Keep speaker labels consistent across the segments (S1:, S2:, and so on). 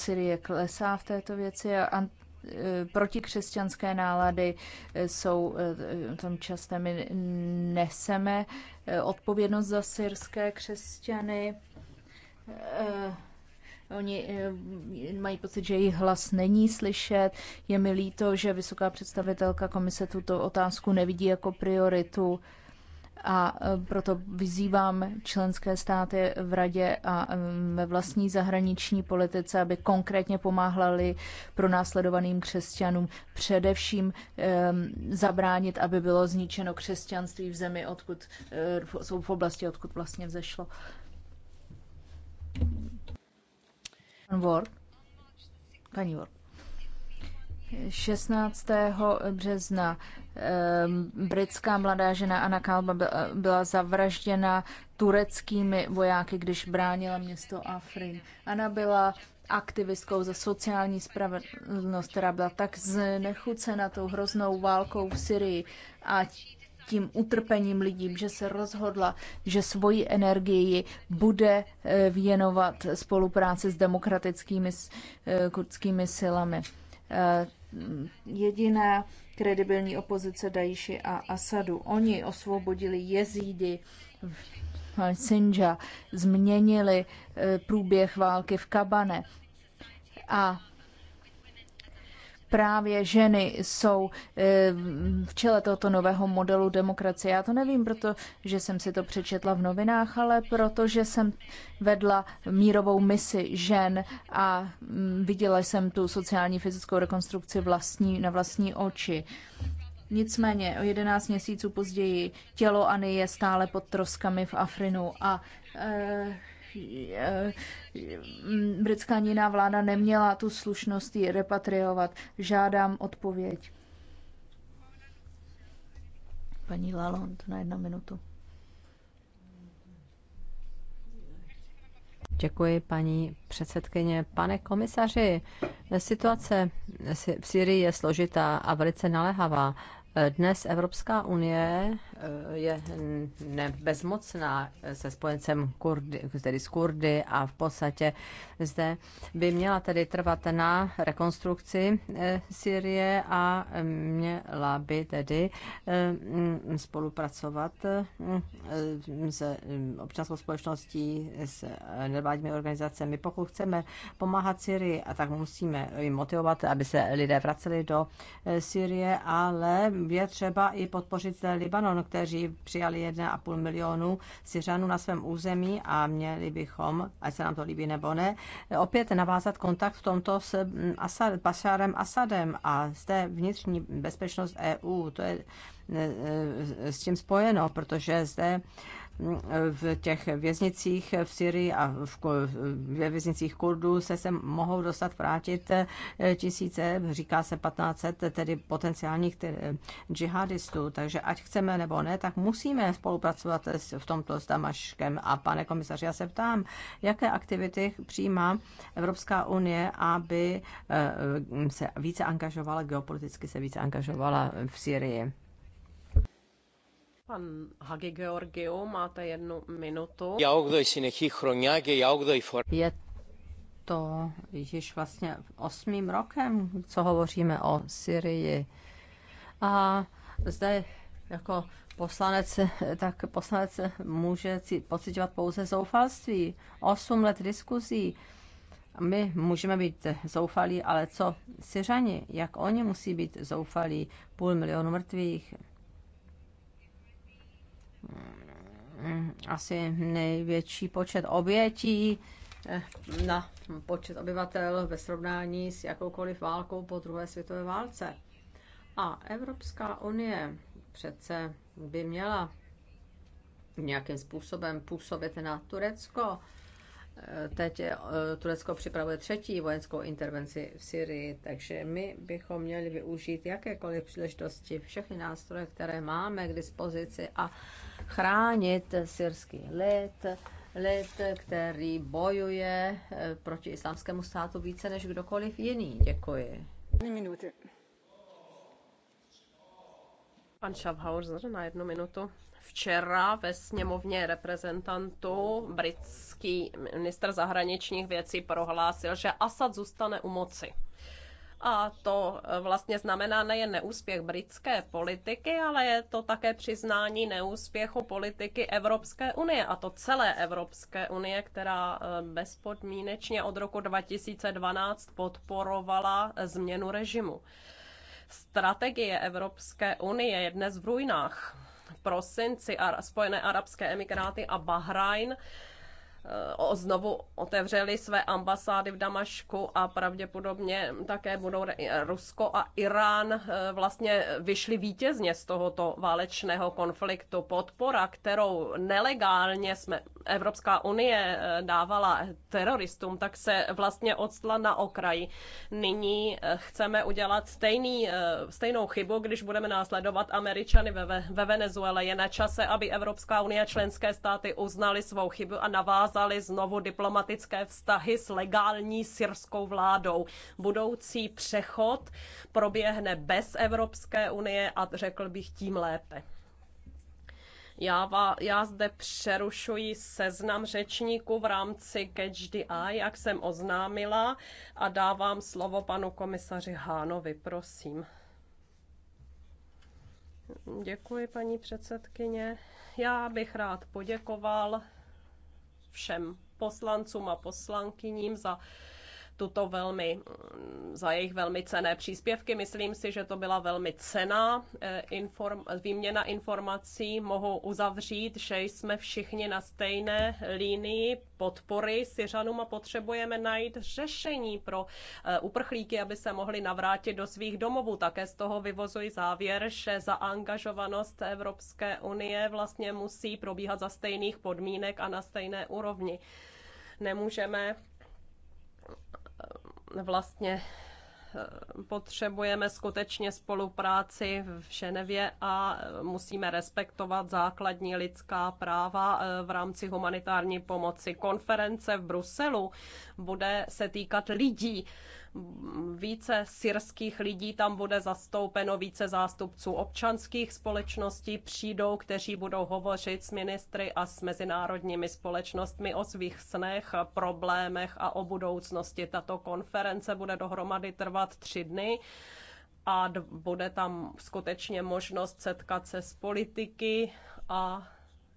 S1: Syrie klesá v této věci a eh, protikřesťanské nálady eh, jsou eh, tam časté. My neseme odpovědnost za syrské křesťany. Oni mají pocit, že jejich hlas není slyšet. Je mi líto, že vysoká představitelka komise tuto otázku nevidí jako prioritu. A e, proto vyzývám členské státy v Radě a e, ve vlastní zahraniční politice, aby konkrétně pomáhali pro následovaným křesťanům, především e, zabránit, aby bylo zničeno křesťanství v zemi, odkud, v oblasti, odkud vlastně vzešlo. Pan Paní Ward. 16. března Ehm, britská mladá žena Anna Kalba byla zavražděna tureckými vojáky, když bránila město Afrin. Anna byla aktivistkou za sociální spravedlnost, která byla tak znechucena tou hroznou válkou v Syrii a tím utrpením lidí, že se rozhodla, že svoji energii bude eh, věnovat spolupráci s demokratickými eh, kurdskými silami. Eh, jediná kredibilní opozice Dajiši a Asadu. Oni osvobodili jezídy v Sinja, změnili eh, průběh války v Kabane. A právě ženy jsou eh, v čele tohoto nového modelu demokracie. Já to nevím, protože jsem si to přečetla v novinách, ale protože jsem vedla mírovou misi žen a mm, viděla jsem tu sociální fyzickou rekonstrukci vlastní, na vlastní oči. Nicméně o 11 měsíců později tělo Anny je stále pod troskami v Afrinu a eh, Eh, mm, britská jiná vláda neměla tu slušnost ji repatriovat. Žádám odpověď. Paní Lalonde, na jednu minutu.
S2: Děkuji, paní předsedkyně. Pane komisaři, situace v Syrii je složitá a velice naléhavá. Dnes Evropská unie je ne, bezmocná se spojencem Kurdy, tedy z Kurdy a v podstatě zde by měla tedy trvat na rekonstrukci eh, Syrie a měla by tedy eh, spolupracovat eh, s občanskou společností, s nevládními organizacemi. Pokud chceme pomáhat Syrii, a tak musíme jim motivovat, aby se lidé vraceli do Syrie, ale je třeba i podpořit Libanon, kteří přijali 1,5 milionu Syřanů na svém území a měli bychom, ať se nám to líbí nebo ne, opět navázat kontakt v tomto s Asad, Bašárem Asadem a zde vnitřní bezpečnost EU, to je e, e, s tím spojeno, protože zde v těch věznicích v Syrii a ve věznicích Kurdů se sem mohou dostat vrátit eh, tisíce, říká se 1500, tedy potenciálních eh, džihadistů. Takže ať chceme nebo ne, tak musíme spolupracovat s v tomto s Damaškem. A pane komisaři, já se ptám, jaké aktivity přijímá Evropská unie, aby eh, se více angažovala, geopoliticky se více angažovala v
S3: Syrii.
S4: Pan Hagi Georgiou, máte jednu minutu.
S3: Je
S2: to již vlastně osmým rokem, co hovoříme o Syrii. A zde jako poslanec, tak poslanec může pocitovat pouze zoufalství. Osm let diskuzí. My můžeme být zoufalí, ale co Syřani, jak oni musí být zoufalí? Půl milionu mrtvých, asi největší počet obětí eh, na počet obyvatel ve srovnání s jakoukoliv válkou po druhé světové válce. A Evropská unie přece by měla nějakým způsobem působit na Turecko. Eh, teď eh, Turecko připravuje třetí vojenskou intervenci v Syrii, takže my bychom měli využít jakékoliv příležitosti, všechny nástroje, které máme k dispozici a chránit syrský lid, lid, který bojuje eh, proti islámskému státu více než
S4: kdokoliv jiný. Děkuji. Minuty. Pan Schaffhauser na jednu minutu. Včera ve sněmovně reprezentantů britský minister zahraničních věcí prohlásil, že Assad zůstane u moci. A to e, vlastně znamená nejen neúspěch britské politiky, ale je to také přiznání neúspěchu politiky Evropské unie a to celé Evropské unie, která e, bezpodmínečně od roku 2012 podporovala e, změnu režimu. Strategie Evropské unie je dnes v ruinách. prosinci Spojené arabské emiráty a Bahrajn Eh, znovu otevřeli své ambasády v Damašku a pravděpodobně také budou Rusko a Irán eh, vlastně vyšli vítězně z tohoto válečného konfliktu. Podpora, kterou nelegálně jsme Evropská unie eh, dávala teroristům, tak se vlastně odstla na okraji. Nyní chceme udělat stejný, stejnou chybu, když budeme následovat Američany ve, ve Venezuele. Je na čase, aby Evropská unie a členské státy uznali svou chybu a navázali navázali znovu diplomatické vztahy s legální syrskou vládou. Budoucí přechod proběhne bez Evropské unie a řekl bych tím lépe. Já, va, já zde přerušuji seznam řečníků v rámci Catch the Eye, jak jsem oznámila, a dávám slovo panu komisaři Hánovi, prosím. Děkuji, paní předsedkyně. Já bych rád poděkoval všem poslancům a poslankyním za tuto velmi, za jejich velmi cené příspěvky. Myslím si, že to byla velmi cená eh, inform, výměna informací. Mohu uzavřít, že jsme všichni na stejné línii podpory Syřanům a potřebujeme najít řešení pro eh, uprchlíky, aby se mohli navrátit do svých domovů. Také z toho vyvozuji závěr, že zaangažovanost Evropské unie vlastně musí probíhat za stejných podmínek a na stejné úrovni. Nemůžeme vlastně eh, potřebujeme skutečně spolupráci v Ženevě a eh, musíme respektovat základní lidská práva eh, v rámci humanitární pomoci. Konference v Bruselu bude se týkat lidí více syrských lidí tam bude zastoupeno, více zástupců občanských společností přijdou, kteří budou hovořit s ministry a s mezinárodními společnostmi o svých snech, problémech a o budoucnosti. Tato konference bude dohromady trvat tři dny a bude tam skutečně možnost setkat se s politiky a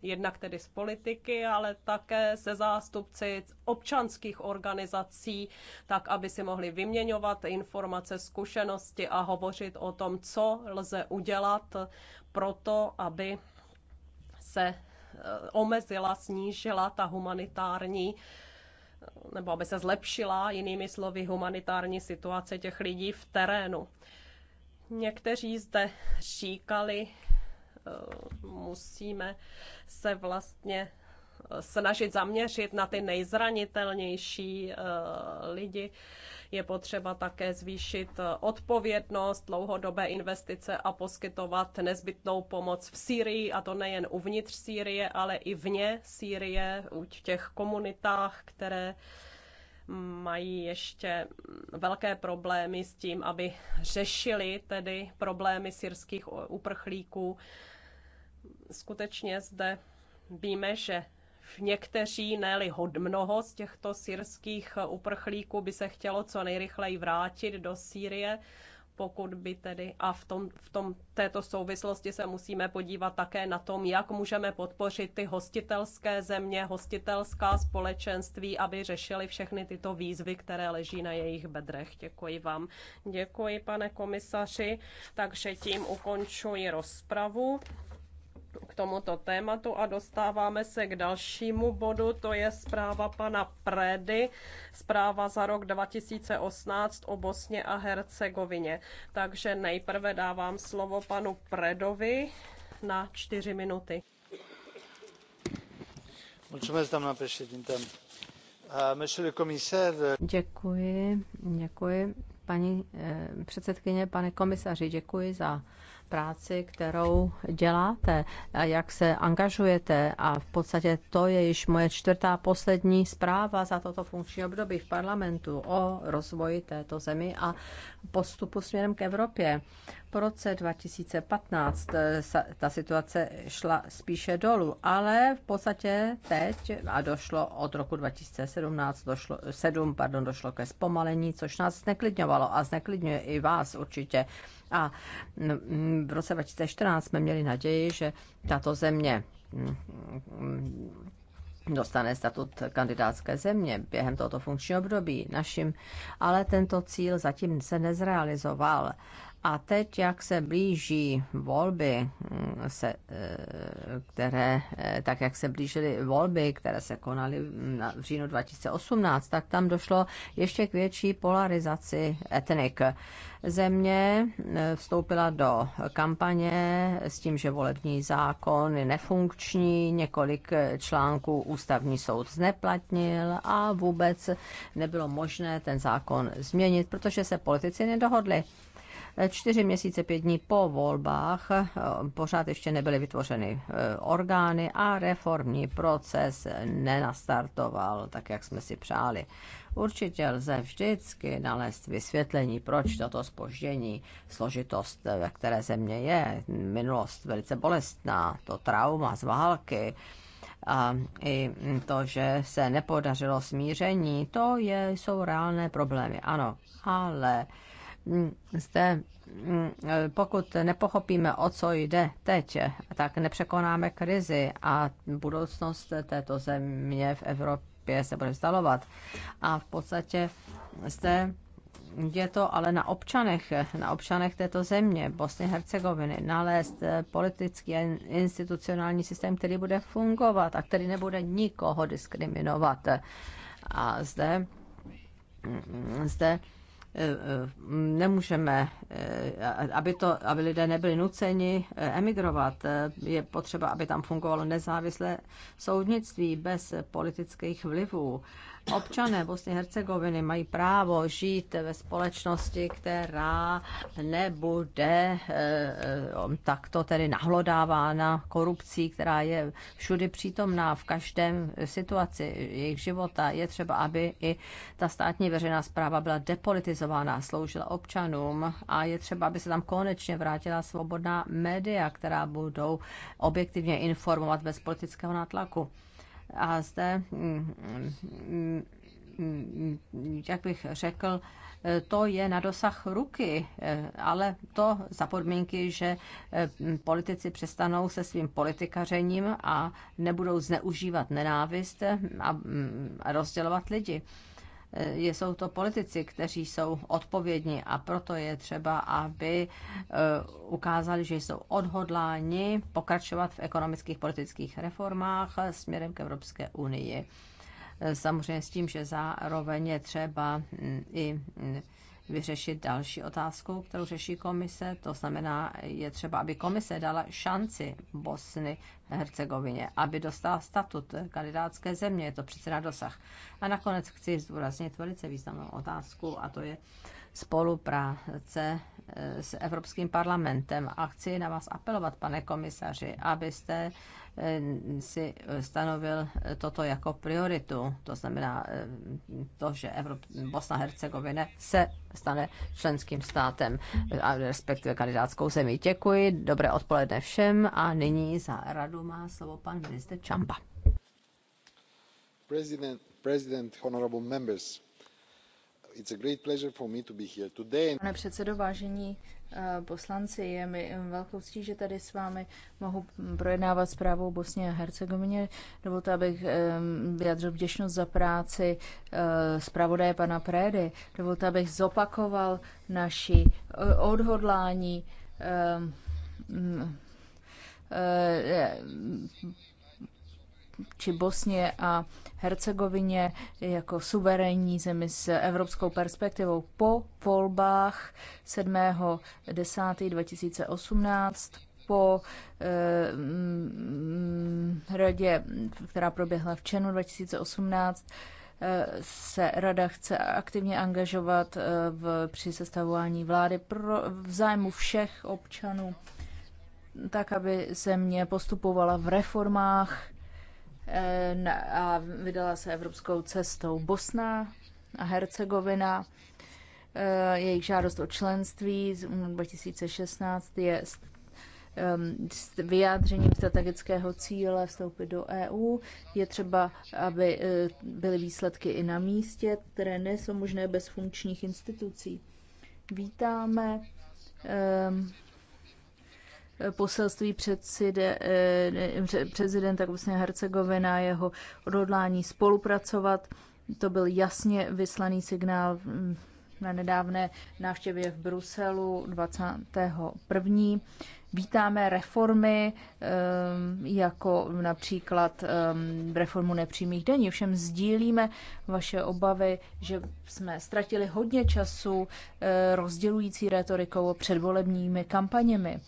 S4: jednak tedy z politiky, ale také se zástupci občanských organizací, tak aby si mohli vyměňovat informace, zkušenosti a hovořit o tom, co lze udělat pro to, aby se eh, omezila, snížila ta humanitární nebo aby se zlepšila, jinými slovy, humanitární situace těch lidí v terénu. Někteří zde říkali, Eh, musíme se vlastně eh, snažit zaměřit na ty nejzranitelnější eh, lidi. Je potřeba také zvýšit odpovědnost, dlouhodobé investice a poskytovat nezbytnou pomoc v Sýrii, a to nejen uvnitř Sýrie, ale i vně Sýrie, v těch komunitách, které mají ještě velké problémy s tím, aby řešili tedy problémy syrských uprchlíků skutečně zde víme, že v někteří, ne hod mnoho z těchto syrských uprchlíků by se chtělo co nejrychleji vrátit do Sýrie, pokud by tedy, a v, tom, v tom, této souvislosti se musíme podívat také na tom, jak můžeme podpořit ty hostitelské země, hostitelská společenství, aby řešili všechny tyto výzvy, které leží na jejich bedrech. Děkuji vám. Děkuji, pane komisaři. Takže tím ukončuji rozpravu k tomuto tématu a dostáváme se k dalšímu bodu, to je zpráva pana Predy, zpráva za rok 2018 o Bosně a Hercegovině. Takže nejprve dávám slovo panu Predovi na čtyři minuty. Děkuji,
S2: děkuji. Paní eh, předsedkyně, pane komisaři, děkuji za práci, kterou děláte a jak se angažujete. A v podstatě to je již moje čtvrtá poslední zpráva za toto funkční období v parlamentu o rozvoji této zemi a postupu směrem k Evropě. Po roce 2015 eh, ta situace šla spíše dolů, ale v podstatě teď a došlo od roku 2017 došlo, 7, pardon, došlo ke zpomalení, což nás zneklidňovalo a zneklidňuje i vás určitě. A v roce 2014 jsme měli naději, že tato země mm, dostane statut kandidátské země během tohoto funkčního období našim, ale tento cíl zatím se nezrealizoval a teď, jak se blíží volby, mm, se, eh, které, eh, tak jak se blížily volby, které se konaly mm, v říjnu 2018, tak tam došlo ještě k větší polarizaci etnik. Země eh, vstoupila do kampaně s tím, že volební zákon je nefunkční, několik článků ústavní soud zneplatnil a vůbec nebylo možné ten zákon změnit, protože se politici nedohodli. Čtyři měsíce, pět dní po volbách eh, pořád ještě nebyly vytvořeny eh, orgány a reformní proces nenastartoval tak, jak jsme si přáli. Určitě lze vždycky nalézt vysvětlení, proč toto spoždění, složitost, eh, ve které země je, minulost velice bolestná, to trauma z války, a i to, že se nepodařilo smíření, to je, jsou reálné problémy, ano. Ale zde, mm, pokud nepochopíme, o co jde teď, tak nepřekonáme krizi a budoucnost této země v Evropě se bude vzdalovat. A v podstatě zde je to ale na občanech, na občanech této země, Bosny Hercegoviny, nalézt politický a institucionální systém, který bude fungovat a který nebude nikoho diskriminovat. A zde, mm, zde Eh, nemůžeme, eh, aby, to, aby lidé nebyli nuceni eh, emigrovat. Je potřeba, aby tam fungovalo nezávislé soudnictví bez politických vlivů Občané Bosny Hercegoviny mají právo žít ve společnosti, která nebude eh, eh, takto tedy nahlodávána korupcí, která je všudy přítomná v každém situaci jejich života. Je třeba, aby i ta státní veřejná zpráva byla depolitizována, sloužila občanům a je třeba, aby se tam konečně vrátila svobodná média, která budou objektivně informovat bez politického nátlaku. A zde, mm, mm, mm, jak bych řekl, to je na dosah ruky, ale to za podmínky, že politici přestanou se svým politikařením a nebudou zneužívat nenávist a rozdělovat lidi. Eh, jsou to politici, kteří jsou odpovědní a proto je třeba, aby eh, ukázali, že jsou odhodláni pokračovat v ekonomických politických reformách směrem k Evropské unii. Eh, samozřejmě s tím, že zároveň je třeba mm, i mm, vyřešit další otázku, kterou řeší komise. To znamená, je třeba, aby komise dala šanci Bosny Hercegovině, aby dostala statut kandidátské země, je to přece na dosah. A nakonec chci zdůraznit velice významnou otázku, a to je spolupráce eh, s Evropským parlamentem. A chci na vás apelovat, pane komisaři, abyste eh, si stanovil toto jako prioritu. To znamená eh, to, že Evrop- Bosna Hercegovina se stane členským státem, respektive kandidátskou zemí. Děkuji, dobré odpoledne všem a nyní za radu má slovo pan ministr Čamba.
S4: President, president, honorable members. It's a great pleasure for me to be here today.
S1: Pane předsedo, vážení eh, poslanci, je mi eh, velkou ctí, že tady s vámi mohu hm, projednávat zprávu Bosně a Hercegovině. Dovolte, abych eh, vyjadřil vděčnost za práci zpravodaje pana Prédy. Dovolte, abych zopakoval naši odhodlání hm, Eh, či Bosně a Hercegovině jako suverénní zemi s evropskou perspektivou po volbách 7.10.2018 po eh, mm, radě, která proběhla v červnu 2018, eh, se rada chce aktivně angažovat eh, v, při sestavování vlády pro, v zájmu všech občanů tak, aby se mě postupovala v reformách eh, a vydala se evropskou cestou Bosna a Hercegovina. Eh, jejich žádost o členství z 2016 je ehm, vyjádřením strategického cíle vstoupit do EU. Je třeba, aby eh, byly výsledky i na místě, které nejsou možné bez funkčních institucí. Vítáme ehm, poselství eh, prezidenta vlastně a Hercegovina, jeho odhodlání spolupracovat. To byl jasně vyslaný signál hm, na nedávné návštěvě v Bruselu 21. Vítáme reformy, eh, jako například eh, reformu nepřímých daní. Všem sdílíme vaše obavy, že jsme ztratili hodně času rozdělující retorikou o předvolebními kampaněmi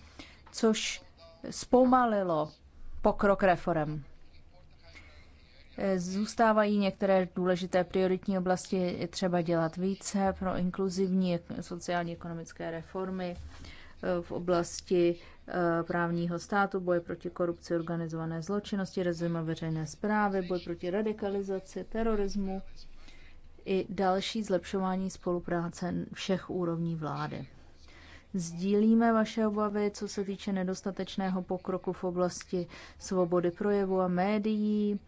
S1: což zpomalilo pokrok reform. Zůstávají některé důležité prioritní oblasti, je třeba dělat více pro inkluzivní sociálně ekonomické reformy eh, v oblasti eh, právního státu, boje proti korupci, organizované zločinnosti, rezima veřejné zprávy, boj proti radikalizaci, terorismu i další zlepšování spolupráce všech úrovní vlády. Sdílíme vaše obavy, co se týče nedostatečného pokroku v oblasti svobody projevu a médií.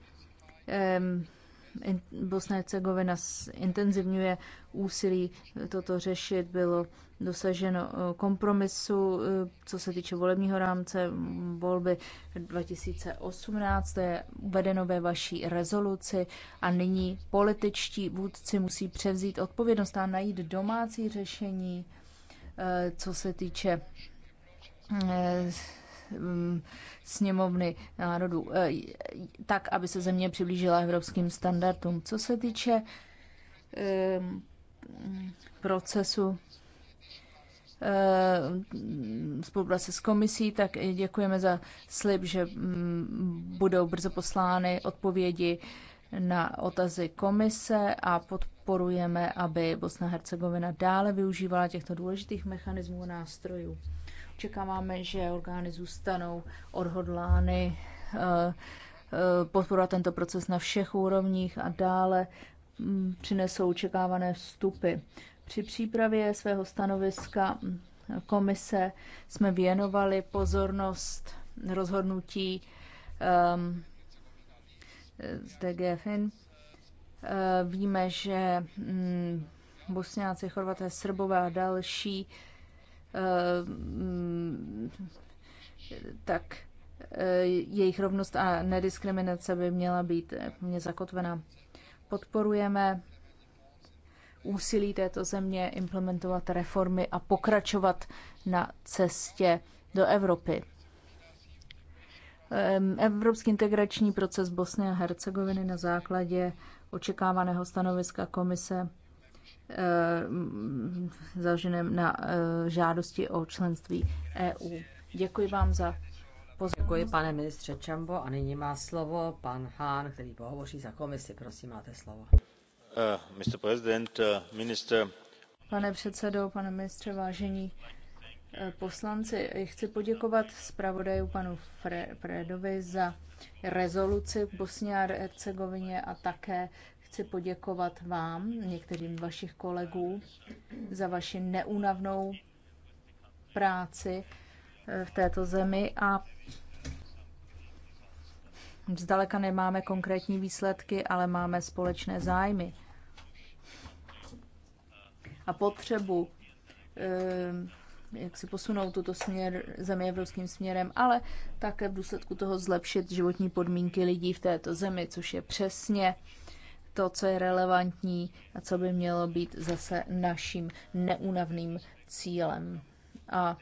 S1: Bosna a Hercegovina intenzivňuje úsilí toto řešit. Bylo dosaženo eh, kompromisu, eh, co se týče volebního rámce volby 2018, to je uvedeno ve vaší rezoluci a nyní političtí vůdci musí převzít odpovědnost a najít domácí řešení Eh, co se týče eh, mm, sněmovny národů, eh, tak, aby se země přiblížila evropským standardům. Co se týče procesu spolupráce s komisí, tak děkujeme za slib, že mm, budou brzo poslány odpovědi na otazy komise a pod podporujeme, aby Bosna Hercegovina dále využívala těchto důležitých mechanismů a nástrojů. Očekáváme, že orgány zůstanou odhodlány eh, eh, podporovat tento proces na všech úrovních a dále mm, přinesou očekávané vstupy. Při přípravě svého stanoviska mm, komise jsme věnovali pozornost rozhodnutí um, z DGFIN Eh, víme, že mm, Bosňáci, Chorvaté, Srbové a další eh, mm, tak eh, jejich rovnost a nediskriminace by měla být mě zakotvena. Podporujeme úsilí této země implementovat reformy a pokračovat na cestě do Evropy. Evropský integrační proces Bosny a Hercegoviny na základě očekávaného stanoviska komise eh, založeném na eh, žádosti o členství EU. Děkuji vám za
S2: pozornost. Děkuji, pane ministře Čambo. A nyní má slovo pan Hán, který pohovoří za
S1: komisi. Prosím, máte slovo. Uh,
S5: eh, Mr. President, uh, minister.
S1: Pane předsedo, pane ministře, vážení poslanci. Chci poděkovat zpravodaju panu Fredovi za rezoluci v Bosně a Hercegovině a také chci poděkovat vám, některým vašich kolegů, za vaši neunavnou práci eh, v této zemi a Zdaleka nemáme konkrétní výsledky, ale máme společné zájmy a potřebu eh, jak si posunout tuto směr, zemi evropským směrem, ale také v důsledku toho zlepšit životní podmínky lidí v této zemi, což je přesně to, co je relevantní a co by mělo být zase naším neunavným cílem. A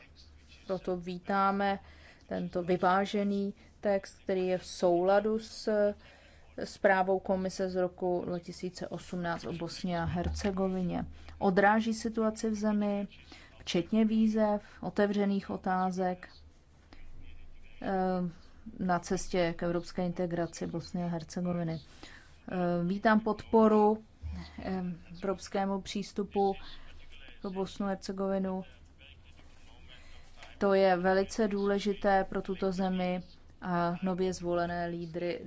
S1: proto vítáme tento vyvážený text, který je v souladu s zprávou komise z roku 2018 o Bosně a Hercegovině. Odráží situaci v zemi, včetně výzev, otevřených otázek eh, na cestě k evropské integraci Bosny a Hercegoviny. Eh, vítám podporu eh, evropskému přístupu pro Bosnu a Hercegovinu. To je velice důležité pro tuto zemi a nově zvolené lídry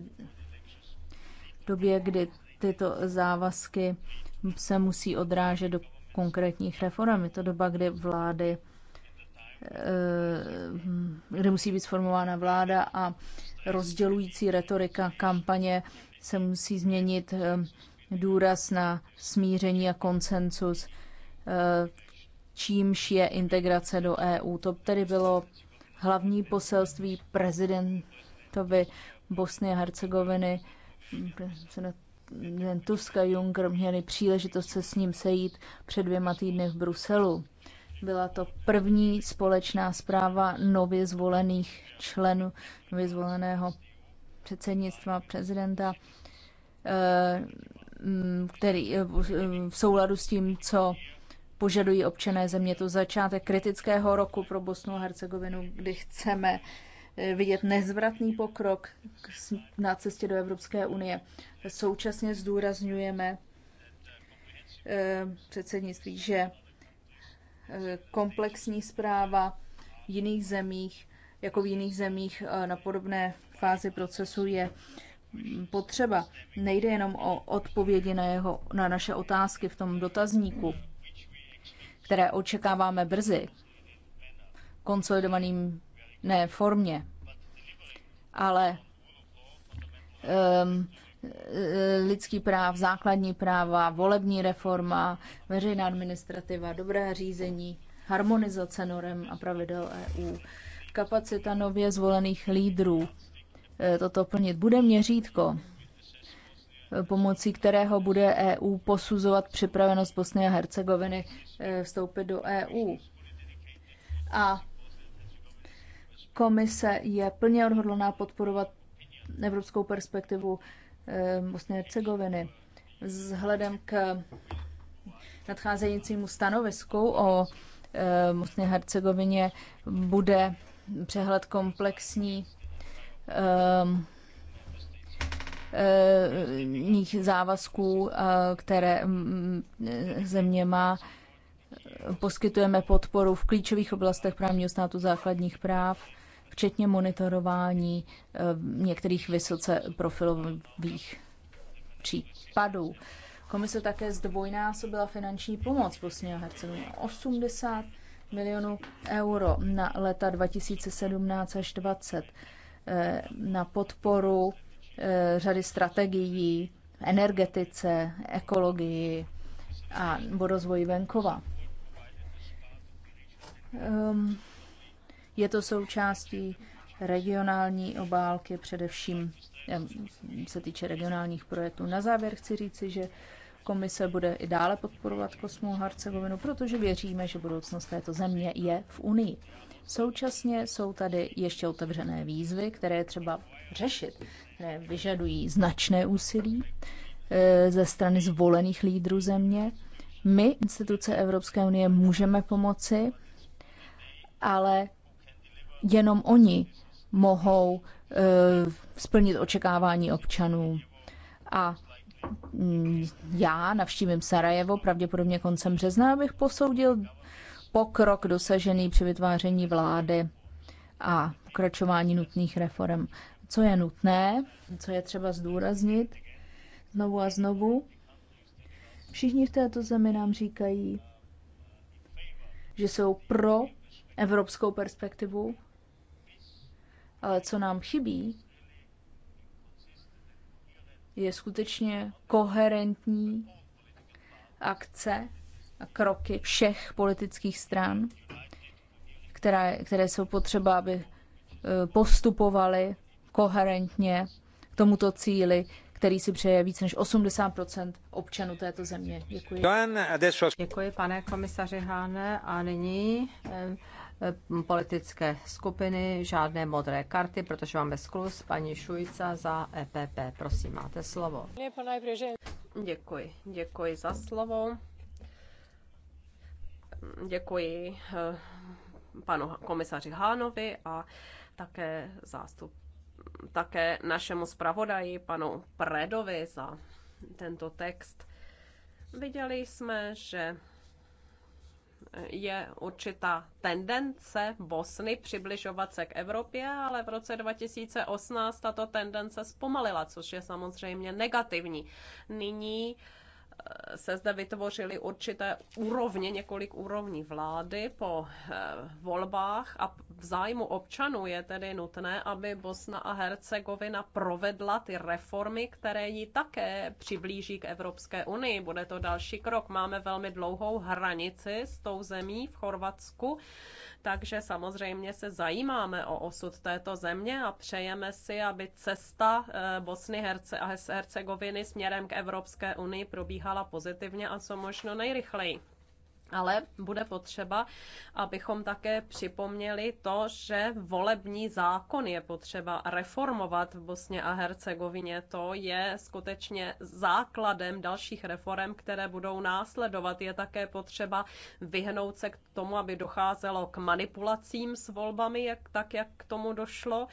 S1: v době, kdy tyto závazky se musí odrážet do konkrétních reform. Je to doba, kdy vlády eh, kde musí být sformována vláda a rozdělující retorika kampaně se musí změnit eh, důraz na smíření a konsensus, eh, čímž je integrace do EU. To tedy bylo hlavní poselství prezidentovi Bosny a Hercegoviny, prezident Tusk a Juncker měli příležitost se s ním sejít před dvěma týdny v Bruselu. Byla to první společná zpráva nově zvolených členů, nově zvoleného předsednictva prezidenta, eh, který eh, v souladu s tím, co požadují občané země. To začátek kritického roku pro Bosnu a Hercegovinu, kdy chceme Eh, vidět nezvratný pokrok na cestě do Evropské unie. Současně zdůrazňujeme eh, předsednictví, že eh, komplexní zpráva v jiných zemích, jako v jiných zemích na podobné fázi procesu je mm, potřeba. Nejde jenom o odpovědi na, jeho, na naše otázky v tom dotazníku, které očekáváme brzy, konsolidovaným ne formě. Ale um, lidský práv, základní práva, volební reforma, veřejná administrativa, dobré řízení, harmonizace norem a pravidel EU, kapacita nově zvolených lídrů e, toto plnit bude měřítko, e, pomocí kterého bude EU posuzovat připravenost Bosny a Hercegoviny vstoupit do EU. A Komise je plně odhodlaná podporovat evropskou perspektivu eh, Bosny a Hercegoviny. Vzhledem k nadcházejícímu stanovisku o eh, Bosně a Hercegovině bude přehled komplexní ehm, eh, nich závazků, které mm, země má. Poskytujeme podporu v klíčových oblastech právního státu základních práv, včetně monitorování eh, některých vysoce profilových případů. Komise také zdvojnásobila finanční pomoc Bosně a Hercegovině 80 milionů euro na leta 2017 až 20 eh, na podporu eh, řady strategií energetice, ekologii a rozvoji venkova. Um, je to součástí regionální obálky, především se týče regionálních projektů. Na závěr chci říci, že komise bude i dále podporovat Kosmu Harcegovinu, protože věříme, že budoucnost této země je v Unii. Současně jsou tady ještě otevřené výzvy, které třeba řešit, které vyžadují značné úsilí e, ze strany zvolených lídrů země. My, instituce Evropské unie, můžeme pomoci, ale jenom oni mohou eh, splnit očekávání občanů. A mm, já navštívím Sarajevo pravděpodobně koncem března, abych posoudil pokrok dosažený při vytváření vlády a pokračování nutných reform. Co je nutné, co je třeba zdůraznit znovu a znovu, všichni v této zemi nám říkají, že jsou pro evropskou perspektivu, ale co nám chybí, je skutečně koherentní akce a kroky všech politických stran, které, které jsou potřeba, aby eh, postupovaly koherentně k tomuto cíli, který si přeje více než 80 občanů této země. Děkuji.
S2: Děkuji, pane komisaři Háne. A nyní eh, Eh, politické skupiny, žádné modré karty, protože máme sklus. Paní Šujica za EPP, prosím, máte slovo.
S4: Děkuji, děkuji za slovo. Děkuji eh, panu komisaři Hánovi a také zástup, také našemu zpravodaji, panu Predovi, za tento text. Viděli jsme, že je určitá tendence Bosny přibližovat se k Evropě, ale v roce 2018 tato tendence zpomalila, což je samozřejmě negativní. Nyní se zde vytvořily určité úrovně, několik úrovní vlády po eh, volbách a v zájmu občanů je tedy nutné, aby Bosna a Hercegovina provedla ty reformy, které ji také přiblíží k Evropské unii. Bude to další krok. Máme velmi dlouhou hranici s tou zemí v Chorvatsku takže samozřejmě se zajímáme o osud této země a přejeme si, aby cesta eh, Bosny Herce a Hercegoviny směrem k Evropské unii probíhala pozitivně a co možno nejrychleji. Ale bude potřeba, abychom také připomněli to, že volební zákon je potřeba reformovat v Bosně a Hercegovině. To je skutečně základem dalších reform, které budou následovat. Je také potřeba vyhnout se k tomu, aby docházelo k manipulacím s volbami, jak, tak jak k tomu došlo.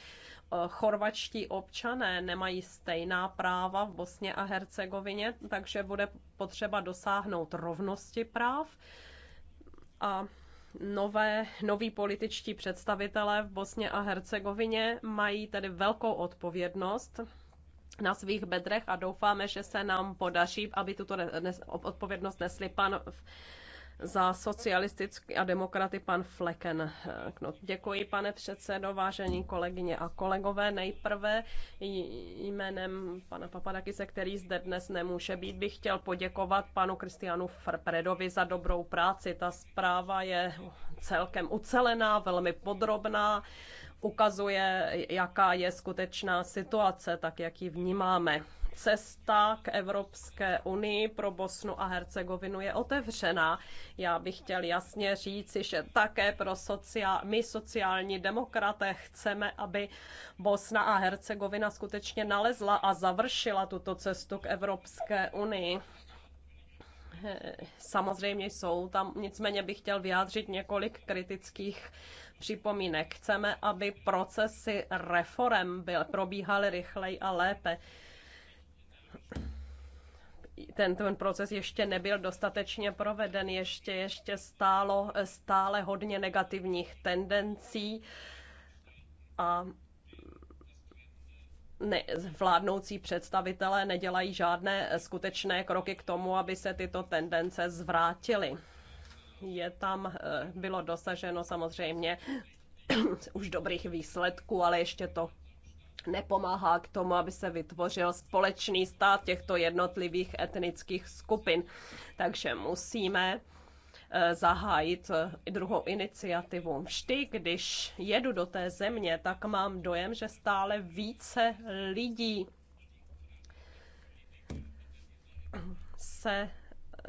S4: Eh, chorvačtí občané nemají stejná práva v Bosně a Hercegovině, takže bude potřeba dosáhnout rovnosti práv. A nové, noví političtí představitelé v Bosně a Hercegovině mají tedy velkou odpovědnost na svých bedrech a doufáme, že se nám podaří, aby tuto odpovědnost nesli pan za socialistický a demokraty pan Flecken. No, děkuji, pane předsedo, vážení kolegyně a kolegové. Nejprve jménem pana Papadakise, který zde dnes nemůže být, bych chtěl poděkovat panu Kristianu Fredovi za dobrou práci. Ta zpráva je celkem ucelená, velmi podrobná, ukazuje, jaká je skutečná situace, tak jak ji vnímáme cesta k Evropské unii pro Bosnu a Hercegovinu je otevřená. Já bych chtěl jasně říci, že také pro sociál, my sociální demokraté chceme, aby Bosna a Hercegovina skutečně nalezla a završila tuto cestu k Evropské unii. Samozřejmě jsou tam, nicméně bych chtěl vyjádřit několik kritických připomínek. Chceme, aby procesy reform byl, probíhaly rychleji a lépe ten, ten proces ještě nebyl dostatečně proveden, ještě, ještě stálo, stále hodně negativních tendencí a ne, vládnoucí představitelé nedělají žádné skutečné kroky k tomu, aby se tyto tendence zvrátily. Je tam, eh, bylo dosaženo samozřejmě už dobrých výsledků, ale ještě to nepomáhá k tomu, aby se vytvořil společný stát těchto jednotlivých etnických skupin. Takže musíme eh, zahájit eh, druhou iniciativu. Vždy, když jedu do té země, tak mám dojem, že stále více lidí se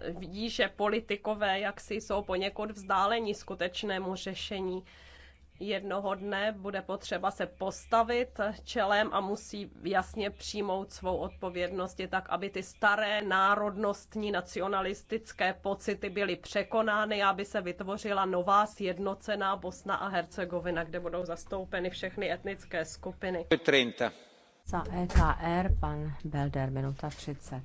S4: eh, vidí, že politikové jaksi jsou poněkud vzdálení skutečnému řešení jednoho dne bude potřeba se postavit čelem a musí jasně přijmout svou odpovědnost, je tak, aby ty staré národnostní nacionalistické pocity byly překonány, aby se vytvořila nová sjednocená Bosna a Hercegovina, kde budou zastoupeny všechny etnické skupiny.
S5: 30.
S2: Za EKR pan Belder, minuta 30.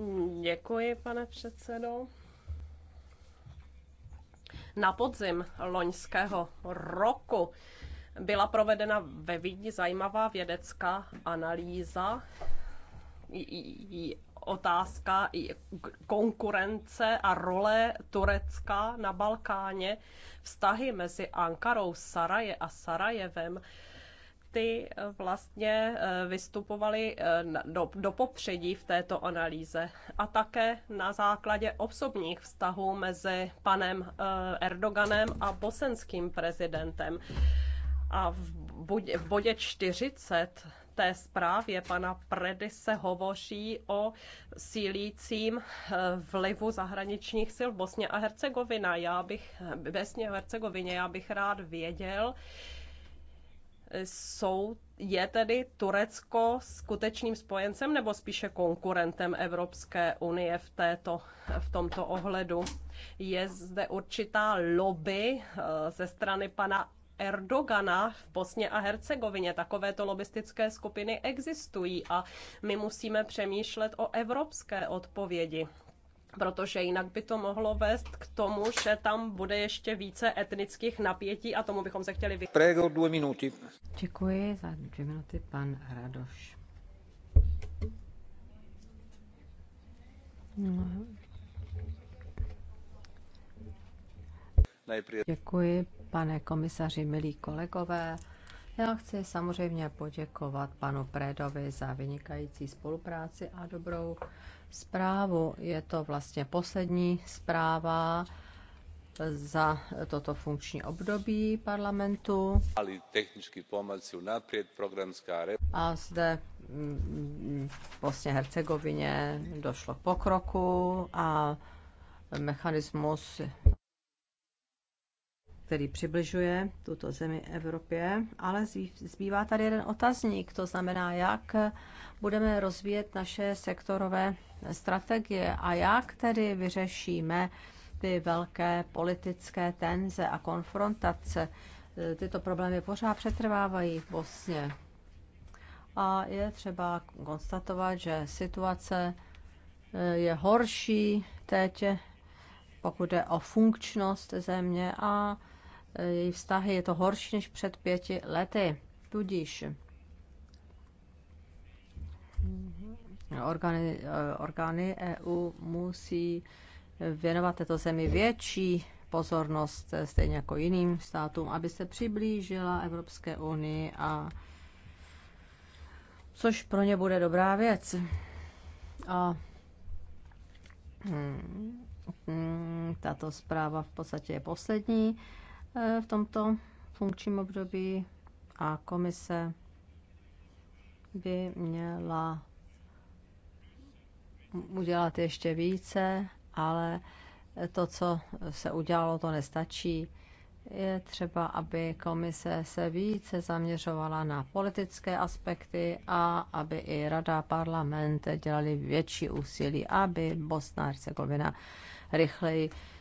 S4: Mm, děkuji, pane předsedo. Na podzim loňského roku byla provedena ve Vídni zajímavá vědecká analýza otázka konkurence a role Turecka na Balkáně, vztahy mezi Ankarou Saraje a Sarajevem ty eh, vlastně eh, vystupovaly eh, do, do popředí v této analýze a také na základě osobních vztahů mezi panem Erdoganem a bosenským prezidentem. A v bodě, v bodě 40 té zprávě pana Predy se hovoří o sílícím vlivu zahraničních sil v Bosně a Hercegovině. Já bych, Bosně a Hercegovině, já bych rád věděl, jsou, je tedy Turecko skutečným spojencem nebo spíše konkurentem Evropské unie v, této, v tomto ohledu? Je zde určitá lobby eh, ze strany pana Erdogana v Bosně a Hercegovině. Takovéto lobistické skupiny existují a my musíme přemýšlet o evropské odpovědi protože jinak by to mohlo vést k tomu, že tam bude ještě více etnických napětí a tomu bychom se chtěli vyhnout. Prego
S2: dvě minuty. Děkuji za dvě minuty, pan Radoš. No. Děkuji, pane komisaři, milí kolegové. Já chci samozřejmě poděkovat panu Predovi za vynikající spolupráci a dobrou zprávu. Je to vlastně poslední zpráva za toto funkční období parlamentu.
S5: Ale technický pomalci napřed, programská A
S2: zde v mm, mm, Bosně Hercegovině došlo k pokroku a mechanismus který přibližuje tuto zemi Evropě, ale zbývá tady jeden otazník, to znamená, jak budeme rozvíjet naše sektorové strategie a jak tedy vyřešíme ty velké politické tenze a konfrontace. Tyto problémy pořád přetrvávají v Bosně. A je třeba konstatovat, že situace eh, je horší teď, eh, pokud jde o funkčnost země a její vztahy, je to horší než před pěti lety. Tudíž eh, orgány, eh, orgány EU musí věnovat této zemi větší pozornost, eh, stejně jako jiným státům, aby se přiblížila Evropské unii a což pro ně bude dobrá věc. A hm, hm, tato zpráva v podstatě je poslední Eh, v tomto funkčním období a komise by měla udělat ještě více, ale to, co se udělalo, to nestačí. Je třeba, aby komise se více zaměřovala na politické aspekty a aby i Rada a parlament dělali větší úsilí, aby Bosna a Hercegovina rychleji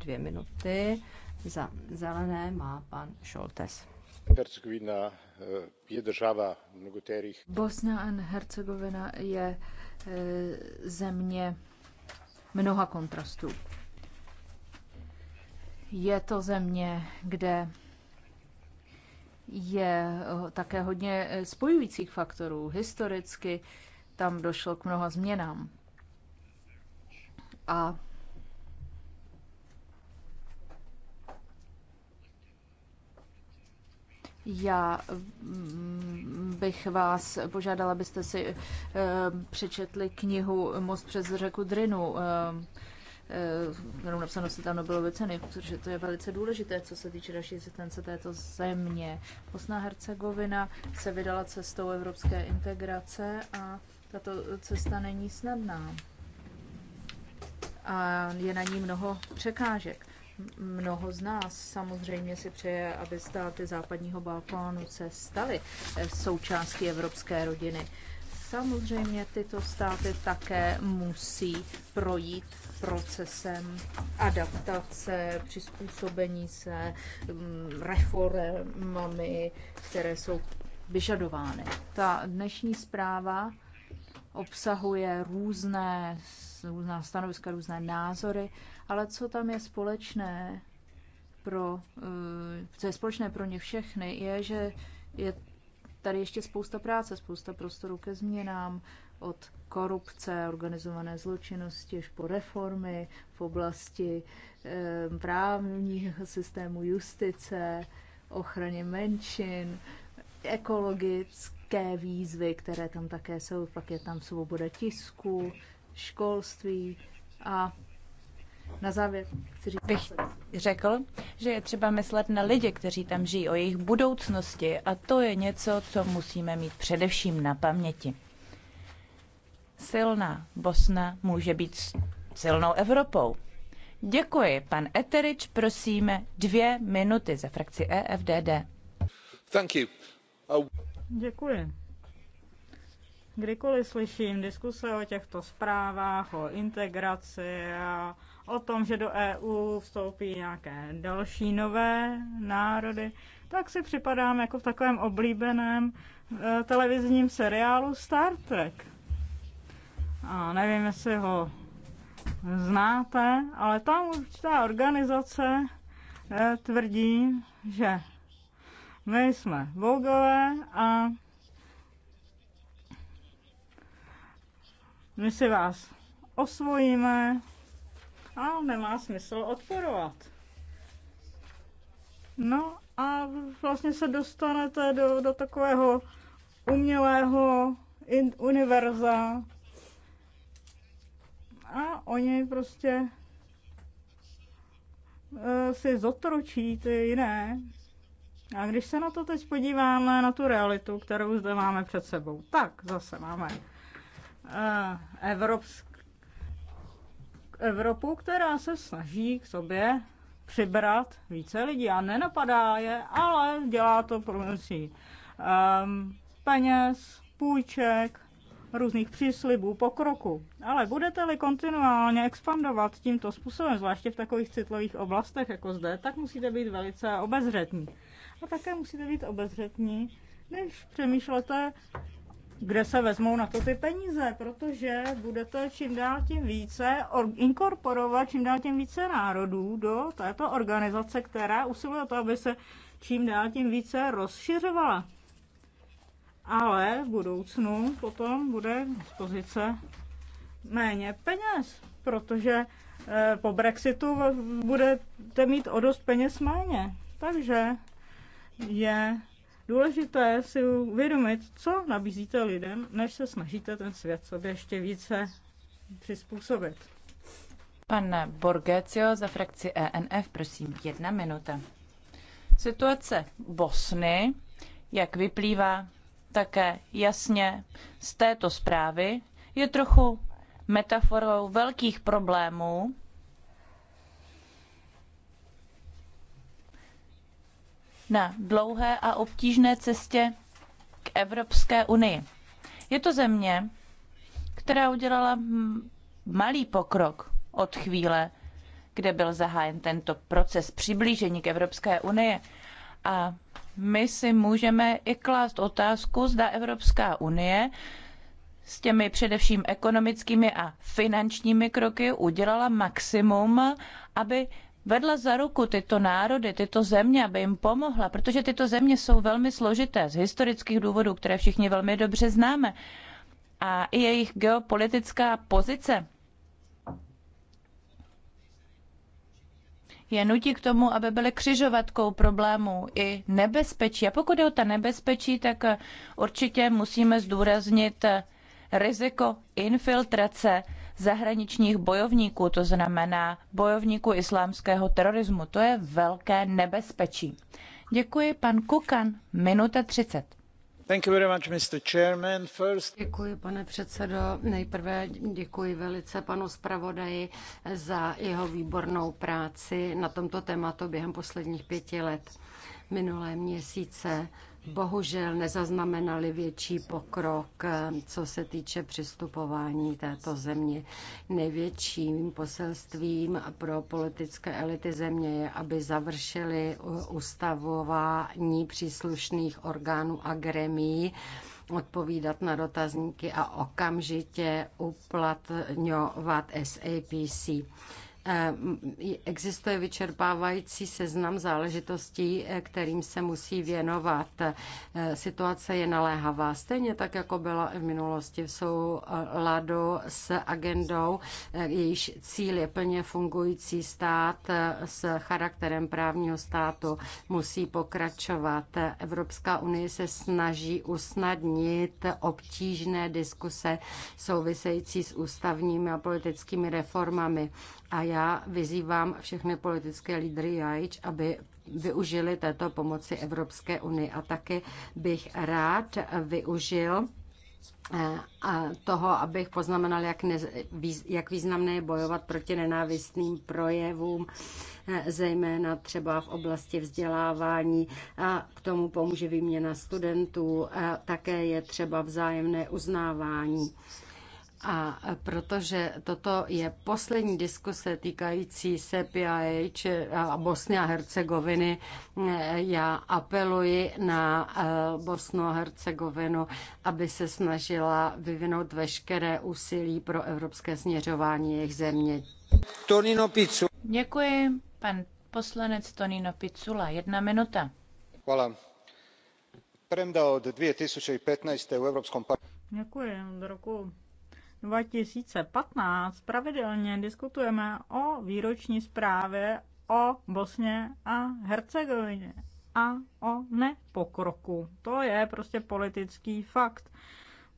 S2: dvě minuty. Za zelené
S1: má pan
S5: Šoltes. Hercegovina eh, je država mnohoterých.
S1: Bosna a Hercegovina je eh, země mnoha kontrastů. Je to země, kde je eh, také hodně spojujících faktorů. Historicky tam došlo k mnoha změnám. A Já mm, bych vás požádala, abyste si eh, přečetli knihu Most přes řeku Drinu, eh, eh, kterou napsáno se tam Nobelovy ceny, protože to je velice důležité, co se týče další existence této země. Bosna Hercegovina se vydala cestou evropské integrace a tato cesta není snadná. A je na ní mnoho překážek. Mnoho z nás samozřejmě si přeje, aby státy západního Balkánu se staly eh, součástí evropské rodiny. Samozřejmě tyto státy také musí projít procesem adaptace, přizpůsobení se mm, reformami, které jsou vyžadovány. Ta dnešní zpráva obsahuje různé, různá stanoviska, různé názory, ale co tam je společné pro, eh, co je společné pro ně všechny, je, že je tady ještě spousta práce, spousta prostoru ke změnám od korupce, organizované zločinnosti, až po reformy v oblasti eh, právního systému justice, ochraně menšin, ekologické velké výzvy, které tam také jsou. Pak je tam svoboda tisku, školství
S6: a na závěr chci říct... Bych řekl, že je třeba myslet na lidi, kteří tam žijí, o jejich budoucnosti a to je něco, co musíme mít především na paměti. Silná Bosna může být silnou Evropou. Děkuji. Pan Eterič, prosíme dvě minuty za frakci EFDD. Thank you. Děkuji.
S7: Kdykoliv slyším diskuse o těchto zprávách, o integraci a o tom, že do EU vstoupí nějaké další nové národy, tak si připadám jako v takovém oblíbeném eh, televizním seriálu Star Trek. A nevím, jestli ho znáte, ale tam určitá organizace eh, tvrdí, že my jsme Volgové a my si vás osvojíme a nemá smysl odporovat. No a vlastně se dostanete do, do takového umělého in, univerza a oni prostě e, si zotročí ty jiné a když se na to teď podíváme, na tu realitu, kterou zde máme před sebou, tak zase máme eh, Evropsk... Evropu, která se snaží k sobě přibrat více lidí a nenapadá je, ale dělá to pomocí um, ehm, peněz, půjček, různých příslibů, pokroku. Ale budete-li kontinuálně expandovat tímto způsobem, zvláště v takových citlivých oblastech jako zde, tak musíte být velice obezřetní. A také musíte být obezřetní, Než přemýšlete, kde se vezmou na to ty peníze, protože budete čím dál tím více inkorporovat čím dál tím více národů do této organizace, která usiluje o to, aby se čím dál tím více rozšiřovala. Ale v budoucnu potom bude pozice méně peněz, protože eh, po Brexitu budete mít o dost peněz méně. Takže je důležité si uvědomit, co nabízíte
S6: lidem, než se snažíte ten svět sobě ještě více přizpůsobit. Pane Borgecio za frakci ENF, prosím, jedna minuta. Situace Bosny, jak vyplývá také jasně z této zprávy, je trochu metaforou velkých problémů, na dlouhé a obtížné cestě k Evropské unii. Je to země, která udělala malý pokrok od chvíle, kde byl zahájen tento proces přiblížení k Evropské unii. A my si můžeme i klást otázku, zda Evropská unie s těmi především ekonomickými a finančními kroky udělala maximum, aby vedla za ruku tyto národy, tyto země, aby jim pomohla, protože tyto země jsou velmi složité z historických důvodů, které všichni velmi dobře známe. A i jejich geopolitická pozice je nutí k tomu, aby byly křižovatkou problémů i nebezpečí. A pokud je o ta nebezpečí, tak určitě musíme zdůraznit riziko infiltrace zahraničních bojovníků, to znamená bojovníků islámského terorismu. To je velké nebezpečí. Děkuji, pan Kukan. Minuta 30.
S3: Thank you very much, Mr. Chairman. First... Děkuji, pane předsedo. Nejprve děkuji velice panu zpravodaji za jeho výbornou práci na tomto tématu během posledních pěti let. Minulé měsíce bohužel nezaznamenali větší pokrok, co se týče přistupování této země. Největším poselstvím pro politické elity země je, aby završili ustavování příslušných orgánů a gremí, odpovídat na dotazníky a okamžitě uplatňovat SAPC. Eh, existuje vyčerpávající seznam záležitostí, eh, kterým se musí věnovat. Eh, situace je naléhavá, stejně tak, jako byla v minulosti v souladu s agendou, jejíž cíl je plně fungující stát s charakterem právního státu. Musí pokračovat. Evropská unie se snaží usnadnit obtížné diskuse související s ústavními a politickými reformami. A já vyzývám všechny politické lídry Jajč, aby využili této pomoci Evropské unie. A taky bych rád využil eh, a toho, abych poznamenal, jak, ne, jak významné je bojovat proti nenávistným projevům, eh, zejména třeba v oblasti vzdělávání. A k tomu pomůže výměna studentů. A také je třeba vzájemné uznávání a protože toto je poslední diskuse týkající se PIH a Bosny a Hercegoviny, já apeluji na eh, Bosnu a Hercegovinu, aby se snažila vyvinout veškeré úsilí pro evropské směřování jejich země.
S5: Tonino Pizzu.
S3: Děkuji,
S6: pan poslanec Tonino Picula. Jedna minuta.
S5: Hvala. Premda od 2015. u Evropskom parlamentu.
S7: Děkuji. Od roku 2015 pravidelně diskutujeme o výroční zprávě o Bosně a Hercegovině a o nepokroku. To je prostě politický fakt.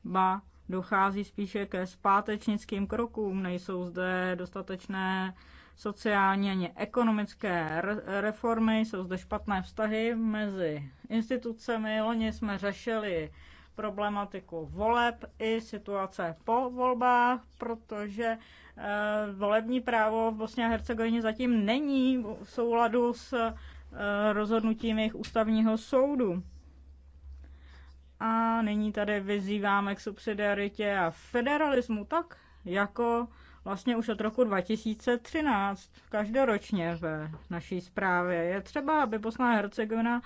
S7: Ba dochází spíše ke zpátečnickým krokům, nejsou zde dostatečné sociální ani ekonomické reformy, jsou zde špatné vztahy mezi institucemi. Loni jsme řešili problematiku voleb i situace po volbách, protože eh, volební právo v Bosně a Hercegovině zatím není v souladu s eh, rozhodnutím jejich ústavního soudu. A nyní tady vyzýváme k subsidiaritě a federalismu tak, jako vlastně už od roku 2013 každoročně v naší zprávě. Je třeba, aby Bosna a Hercegovina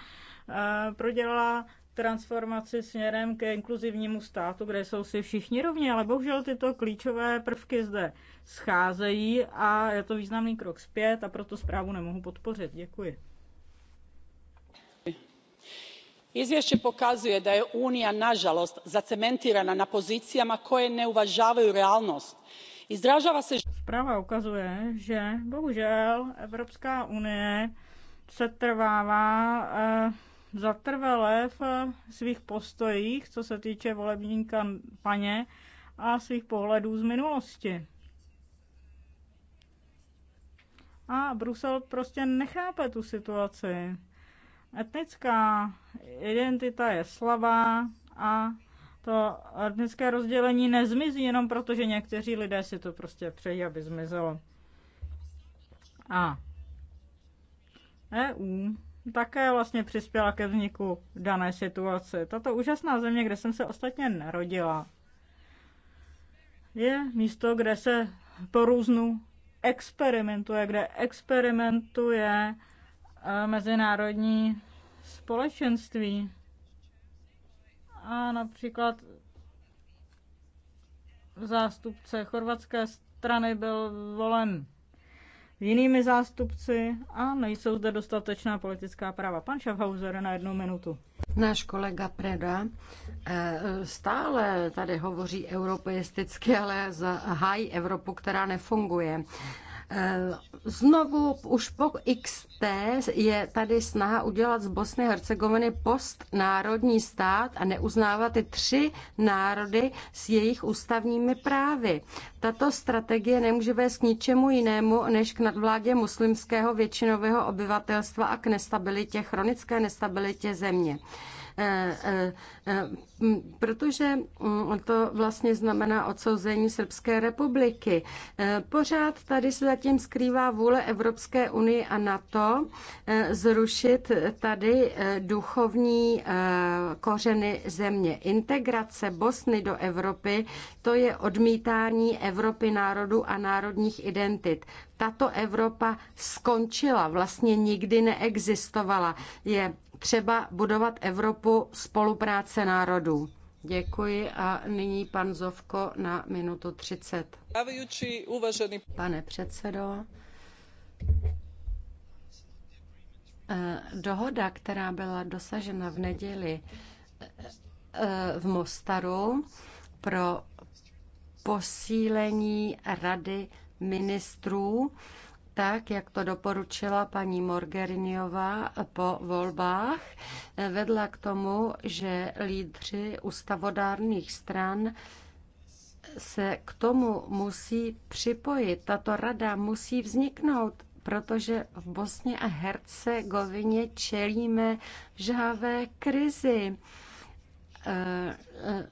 S7: eh, prodělala transformaci směrem ke inkluzivnímu státu, kde jsou si všichni rovni, ale bohužel tyto klíčové prvky zde scházejí a je to významný krok zpět a proto zprávu nemohu podpořit. Děkuji.
S4: Izvješće pokazuje da je Unija nažalost zacementirana na pozicijama koje ne uvažavaju realnost. Izražava se... Zpráva
S7: ukazuje, že bohužel Evropská unie se trvává eh, zatrvalé v svých postojích, co se týče volební kampaně a svých pohledů z minulosti. A Brusel prostě nechápe tu situaci. Etnická identita je slabá a to etnické rozdělení nezmizí jenom proto, že někteří lidé si to prostě přejí, aby zmizelo. A EU také vlastně přispěla ke vzniku dané situace. Tato úžasná země, kde jsem se ostatně narodila, je místo, kde se po různu experimentuje, kde experimentuje eh, mezinárodní společenství. A například zástupce chorvatské strany byl volen jinými zástupci a nejsou zde dostatečná politická práva.
S3: Pan Schaffhauser na jednu minutu. Náš kolega Preda eh, stále tady hovoří europeisticky, ale hájí Evropu, která nefunguje. Eh, znovu už po x poté je tady snaha udělat z Bosny a Hercegoviny postnárodní stát a neuznávat ty tři národy s jejich ústavními právy. Tato strategie nemůže vést k ničemu jinému, než k nadvládě muslimského většinového obyvatelstva a k nestabilitě, chronické nestabilitě země eh, eh, eh, protože mm, to vlastně znamená odsouzení Srbské republiky. Pořád tady se zatím skrývá vůle Evropské unie a NATO Eh, zrušit tady eh, duchovní eh, kořeny země. Integrace Bosny do Evropy, to je odmítání Evropy národů a národních identit. Tato Evropa skončila, vlastně nikdy neexistovala. Je třeba budovat Evropu spolupráce národů. Děkuji a nyní pan Zovko na minutu 30. Pane předsedo, Eh, dohoda, která byla dosažena v neděli eh, v Mostaru pro posílení rady ministrů, tak, jak to doporučila paní Morgeriniová po volbách, eh, vedla k tomu, že lídři ústavodárných stran se k tomu musí připojit. Tato rada musí vzniknout protože v Bosně a Hercegovině čelíme žhavé krizi e, e,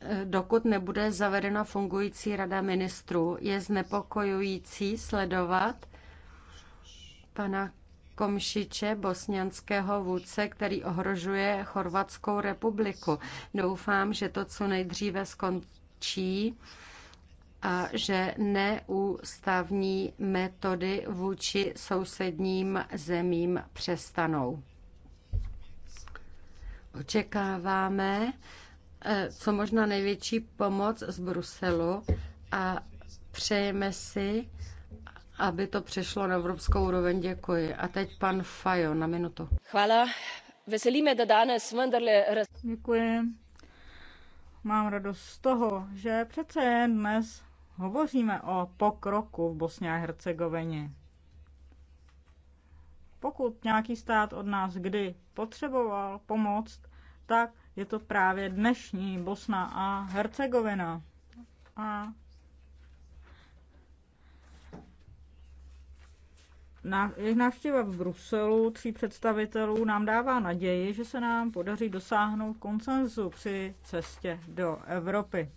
S3: e, dokud nebude zavedena fungující rada ministrů. Je znepokojující sledovat pana Komšiče, bosňanského vůdce, který ohrožuje Chorvatskou republiku. Doufám, že to co nejdříve skončí a že neústavní metody vůči sousedním zemím přestanou. Očekáváme eh, co možná největší pomoc z Bruselu a přejeme si, aby to přešlo na evropskou úroveň. Děkuji. A teď pan Fajo na minutu.
S1: Chvala. Veselíme, da danes vendarle... Děkuji.
S7: Mám radost z toho, že přece jen dnes Hovoříme o pokroku v Bosně a Hercegovině. Pokud nějaký stát od nás kdy potřeboval pomoc, tak je to právě dnešní Bosna a Hercegovina. A jejich návštěva v Bruselu tří představitelů nám dává naději, že se nám podaří dosáhnout konsenzu při cestě do Evropy.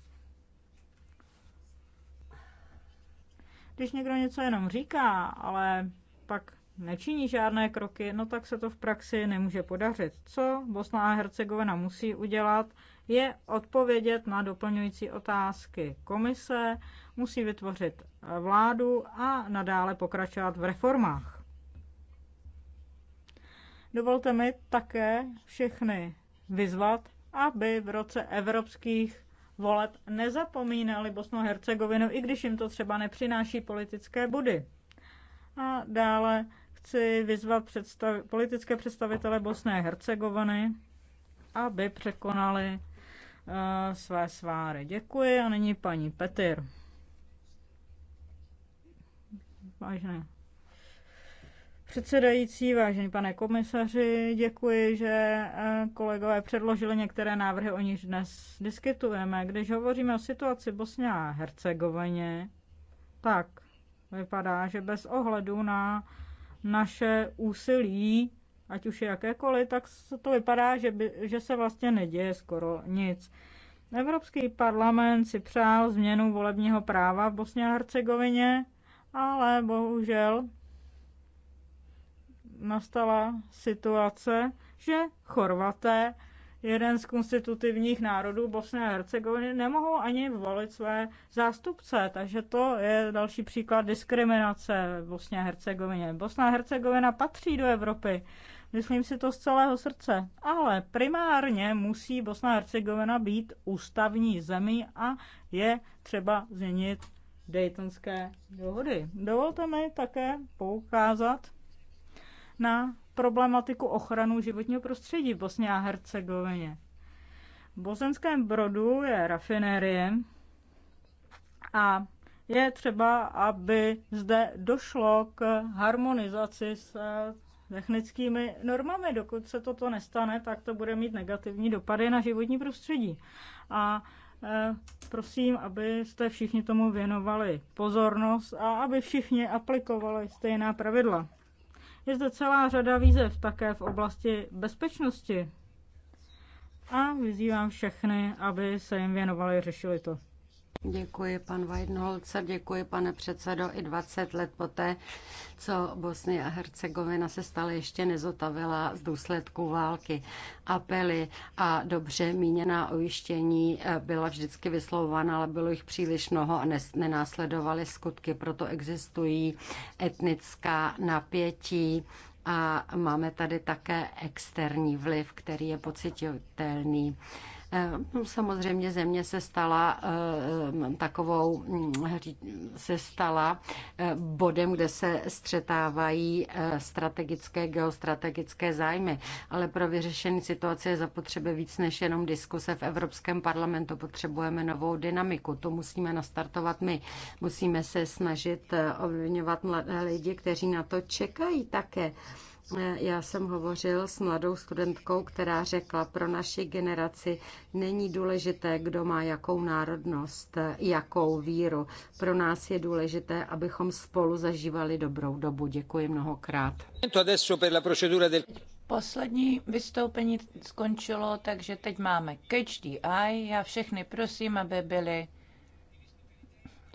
S7: Když někdo něco jenom říká, ale pak nečiní žádné kroky, no tak se to v praxi nemůže podařit. Co Bosna a Hercegovina musí udělat, je odpovědět na doplňující otázky komise, musí vytvořit vládu a nadále pokračovat v reformách. Dovolte mi také všechny vyzvat, aby v roce evropských voleb nezapomínali Bosnu a Hercegovinu, i když jim to třeba nepřináší politické body. A dále chci vyzvat představ- politické představitele Bosné a Hercegoviny, aby překonali uh, své sváry. Děkuji a nyní paní Petir. Vážně předsedající, vážený pane komisaři, děkuji, že eh, kolegové předložili některé návrhy, o nich dnes diskutujeme. Když hovoříme o situaci Bosně a Hercegovině, tak vypadá, že bez ohledu na naše úsilí, ať už je jakékoliv, tak to vypadá, že, by, že se vlastně neděje skoro nic. Evropský parlament si přál změnu volebního práva v Bosně a Hercegovině, ale bohužel nastala situace, že Chorvaté, jeden z konstitutivních národů Bosny a Hercegoviny, nemohou ani volit své zástupce. Takže to je další příklad diskriminace v Bosně a Hercegovině. Bosna a Hercegovina patří do Evropy. Myslím si to z celého srdce. Ale primárně musí Bosna a Hercegovina být ústavní zemí a je třeba změnit Daytonské dohody. Dovolte mi také poukázat na problematiku ochranu životního prostředí v Bosně a Hercegovině. V bosenském brodu je rafinérie a je třeba, aby zde došlo k harmonizaci s eh, technickými normami. Dokud se toto nestane, tak to bude mít negativní dopady na životní prostředí. A eh, prosím, abyste všichni tomu věnovali pozornost a aby všichni aplikovali stejná pravidla. Je zde celá řada výzev také v oblasti bezpečnosti. A vyzývám všechny,
S3: aby se jim
S7: věnovali, řešili to.
S3: Děkuji, pan Weidenholzer, děkuji, pane předsedo. I 20 let poté, co Bosnia a Hercegovina se stala, ještě nezotavila z důsledků války. Apely a dobře míněná ujištění eh, byla vždycky vyslovována, ale bylo jich příliš mnoho a nenásledovaly skutky. Proto existují etnická napětí a máme tady také externí vliv, který je pocitelný. Eh, no, samozřejmě země se stala eh, takovou, hm, se stala eh, bodem, kde se střetávají strategické, geostrategické zájmy. Ale pro vyřešení situace je zapotřebí víc než jenom diskuse v Evropském parlamentu. Potřebujeme novou dynamiku. To musíme nastartovat my. Musíme se snažit ovlivňovat lidi, kteří na to čekají také. Já jsem hovořil s mladou studentkou, která řekla, pro naši generaci není důležité, kdo má jakou národnost, jakou víru. Pro nás je důležité, abychom spolu zažívali dobrou dobu. Děkuji mnohokrát.
S6: Poslední vystoupení skončilo, takže teď máme catch the eye. Já všechny prosím, aby byli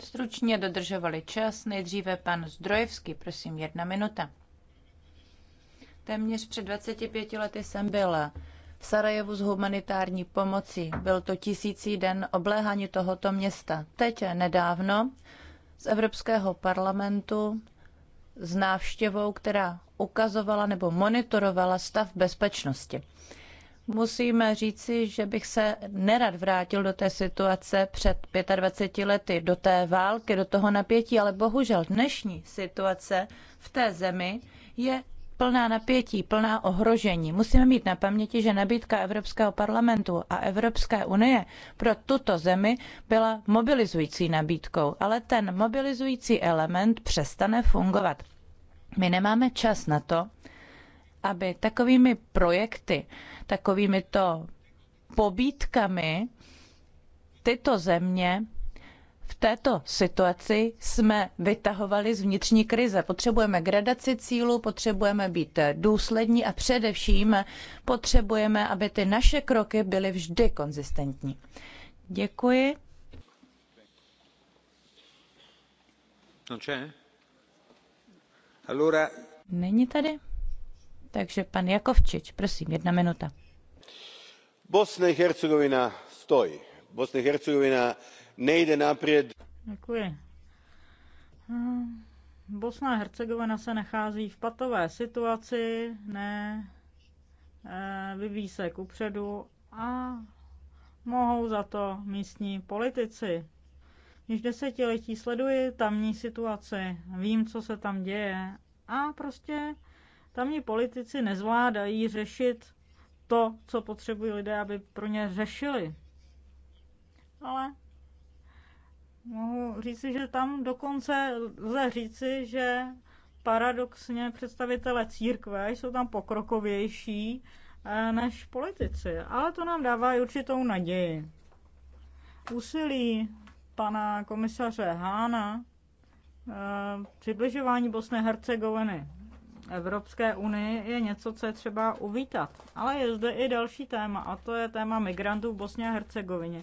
S6: stručně dodržovali čas. Nejdříve pan Zdrojevský, prosím, jedna minuta. Téměř před 25 lety jsem byla v Sarajevu s humanitární pomocí. Byl to tisící den obléhání tohoto města. Teď nedávno z Evropského parlamentu s návštěvou, která ukazovala nebo monitorovala stav bezpečnosti. Musíme říci, že bych se nerad vrátil do té situace před 25 lety, do té války, do toho napětí, ale bohužel dnešní situace v té zemi je plná napětí, plná ohrožení. Musíme mít na paměti, že nabídka Evropského parlamentu a Evropské unie pro tuto zemi byla mobilizující nabídkou, ale ten mobilizující element přestane fungovat. My nemáme čas na to, aby takovými projekty, takovými to pobítkami tyto země v této situaci jsme vytahovali z vnitřní krize. Potřebujeme gradaci cílů, potřebujeme být důslední a především potřebujeme, aby ty naše kroky byly vždy konzistentní. Děkuji. Není tady? Takže pan Jakovčič, prosím, jedna minuta.
S5: Bosna i Hercegovina stojí.
S2: Bosna i Hercegovina nejde napřed.
S6: Děkuji.
S7: Hmm, Bosna a Hercegovina se nachází v patové situaci, ne eh, vyvíjí se kupředu a mohou za to místní politici. Již desetiletí sleduji tamní situaci, vím, co se tam děje a prostě tamní politici nezvládají řešit to, co potřebují lidé, aby pro ně řešili. Ale mohu říci, že tam dokonce lze říci, že paradoxně představitelé církve jsou tam pokrokovější eh, než politici, ale to nám dává i určitou naději. Úsilí pana komisaře Hána eh, přibližování Bosny Hercegoviny Evropské unii je něco, co je třeba uvítat. Ale je zde i další téma, a to je téma migrantů v Bosně a Hercegovině.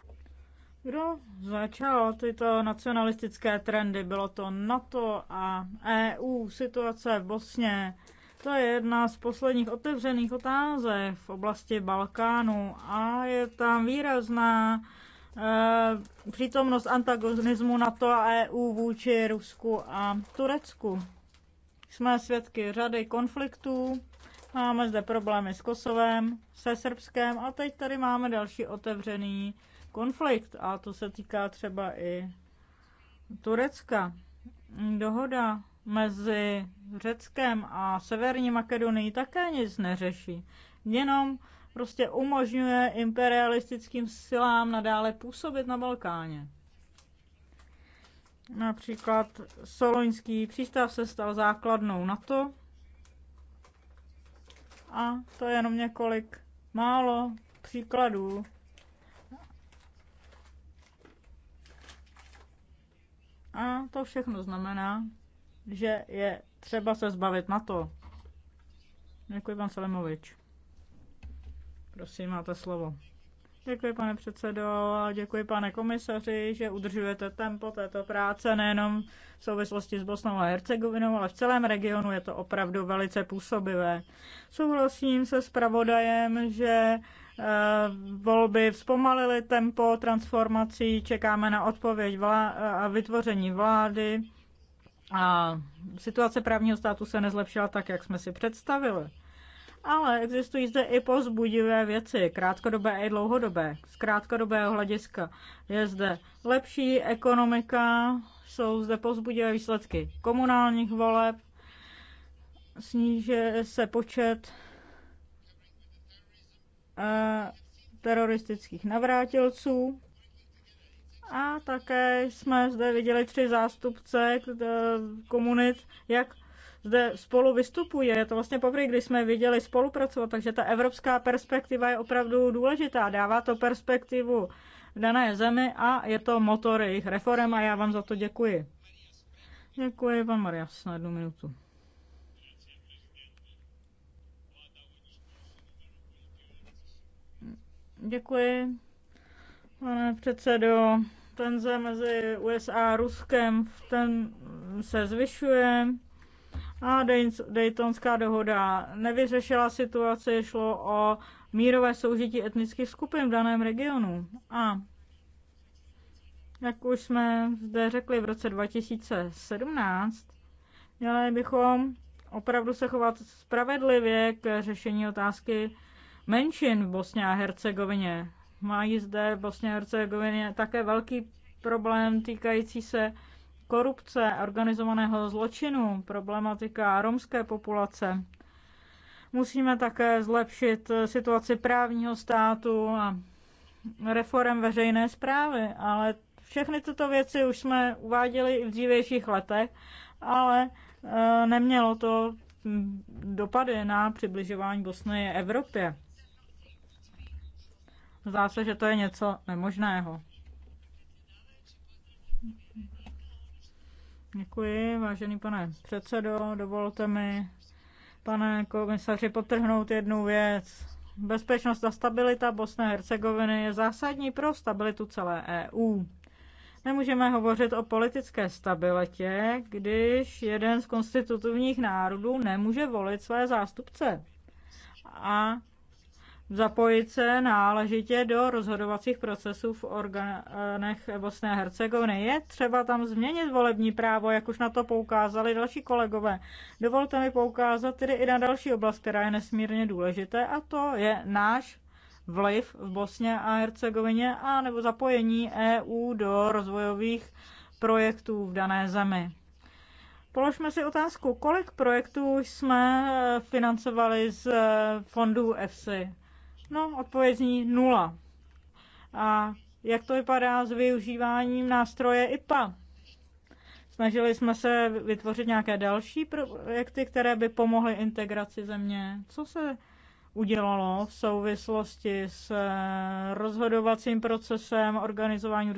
S7: Kdo začal tyto nacionalistické trendy? Bylo to NATO a EU, situace v Bosně. To je jedna z posledních otevřených otázek v oblasti Balkánu a je tam výrazná eh, přítomnost antagonismu NATO a EU vůči Rusku a Turecku. Jsme svědky řady konfliktů, máme zde problémy s Kosovem, se Srbskem a teď tady máme další otevřený konflikt a to se týká třeba i Turecka. Dohoda mezi Řeckem a Severní Makedonií také nic neřeší. Jenom prostě umožňuje imperialistickým silám nadále působit na Balkáně. Například Soloňský přístav se stal základnou NATO a to je jenom několik málo příkladů A to všechno znamená, že je třeba se zbavit na to. Děkuji, pan Selemovič, Prosím, máte slovo. Děkuji, pane předsedo, a děkuji, pane komisaři, že udržujete tempo této práce nejenom v souvislosti s Bosnou a Hercegovinou, ale v celém regionu je to opravdu velice působivé. Souhlasím se zpravodajem, že eh, volby vzpomalily tempo transformací, čekáme na odpověď eh, a vytvoření vlády a situace právního státu se nezlepšila tak, jak jsme si představili ale existují zde i pozbudivé věci, krátkodobé i dlouhodobé. Z krátkodobého hlediska je zde lepší ekonomika, jsou zde pozbudivé výsledky komunálních voleb, sníží se počet eh, teroristických navrátilců. A také jsme zde viděli tři zástupce eh, komunit, jak zde spolu vystupuje. Je to vlastně poprvé, kdy jsme viděli spolupracovat, takže ta evropská perspektiva je opravdu důležitá. Dává to perspektivu v dané zemi a je to motor jejich reform a já vám za to děkuji. Děkuji, pan Marias, na jednu minutu. Děkuji, pane předsedo. Tenze mezi USA a Ruskem ten se zvyšuje. A Daytonská dohoda nevyřešila situaci, šlo o mírové soužití etnických skupin v daném regionu. A jak už jsme zde řekli v roce 2017, měli bychom opravdu se chovat spravedlivě k řešení otázky menšin v Bosně a Hercegovině. Mají zde v Bosně a Hercegovině také velký problém týkající se korupce, organizovaného zločinu, problematika romské populace. Musíme také zlepšit situaci právního státu a reform veřejné zprávy, ale všechny tyto věci už jsme uváděli i v dřívějších letech, ale e, nemělo to dopady na přibližování Bosny Evropě. Zdá se, že to je něco nemožného. Děkuji, vážený pane předsedo. Dovolte mi, pane komisaři, potrhnout jednu věc. Bezpečnost a stabilita Bosny a Hercegoviny je zásadní pro stabilitu celé EU. Nemůžeme hovořit o politické stabilitě, když jeden z konstitutivních národů nemůže volit své zástupce. A zapojit se náležitě do rozhodovacích procesů v orgánech Bosné a Hercegoviny. Je třeba tam změnit volební právo, jak už na to poukázali další kolegové. Dovolte mi poukázat tedy i na další oblast, která je nesmírně důležité, a to je náš vliv v Bosně a Hercegovině a nebo zapojení EU do rozvojových projektů v dané zemi. Položme si otázku, kolik projektů jsme financovali z fondů EFSI No, odpověď zní nula. A jak to vypadá s využíváním nástroje IPA? Snažili jsme se vytvořit nějaké další projekty, které by pomohly integraci země. Co se udělalo v souvislosti s eh, rozhodovacím procesem, organizováním